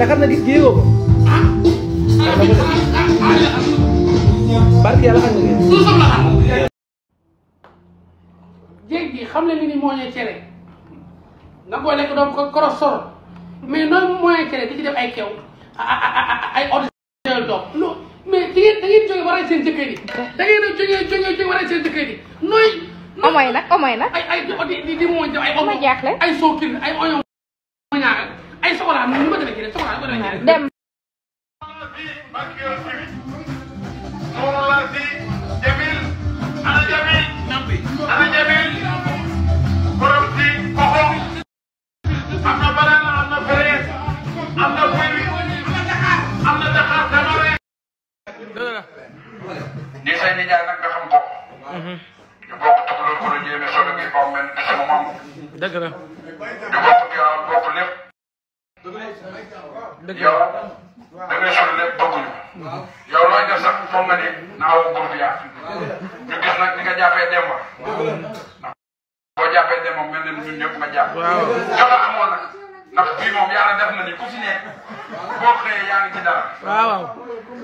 ndax xam na gis jéego ko. barke yàlla xam nga ngeen. gi xam na li ni moo ñuy cere nga koy lekk doom ko koros soro di ci ay kew ay ordinateur doom. non mais da ngeen da ngeen seen jëkkër yi. da ngeen a jógee jógee jógee war a seen jëkkër yi nag omoy nag. ay ay di di di mu ay. omo ay sookin ay oño. dem ni say ni jaay nag nga xam ko ñu bokk tukulóor ko la jéeme solo gi bom mel ni sama maam dëgg la ñu bokk ki bokk lépp yow da ngay sori lépp bëgguñu yow looy def sax foog nga ni naa woo groupe yaa ñu gis nag ni nga jàppee Demba boo jàppee Demba mel na ni ñun ñëpp nga jàpp jot a amoon nag ndax bii moom yàlla def na ni ku ci nekk boo xëyee yaa ngi ci dara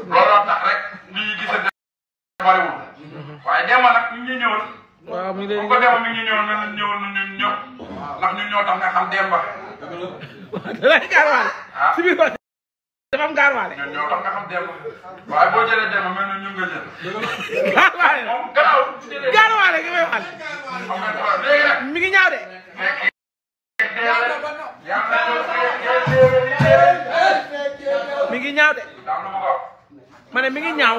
looloo tax rek li ñu gis bariwul mm-hmm. waaye Demba nag ñu ngi ñëwoon bu ko Demba mi ngi ñëwoon mel na ñëwoon ñoo tax nga xam Demba. gi may waxal. mi ngi ñaaw mi ngi ñaaw de. mi ngi ñaaw.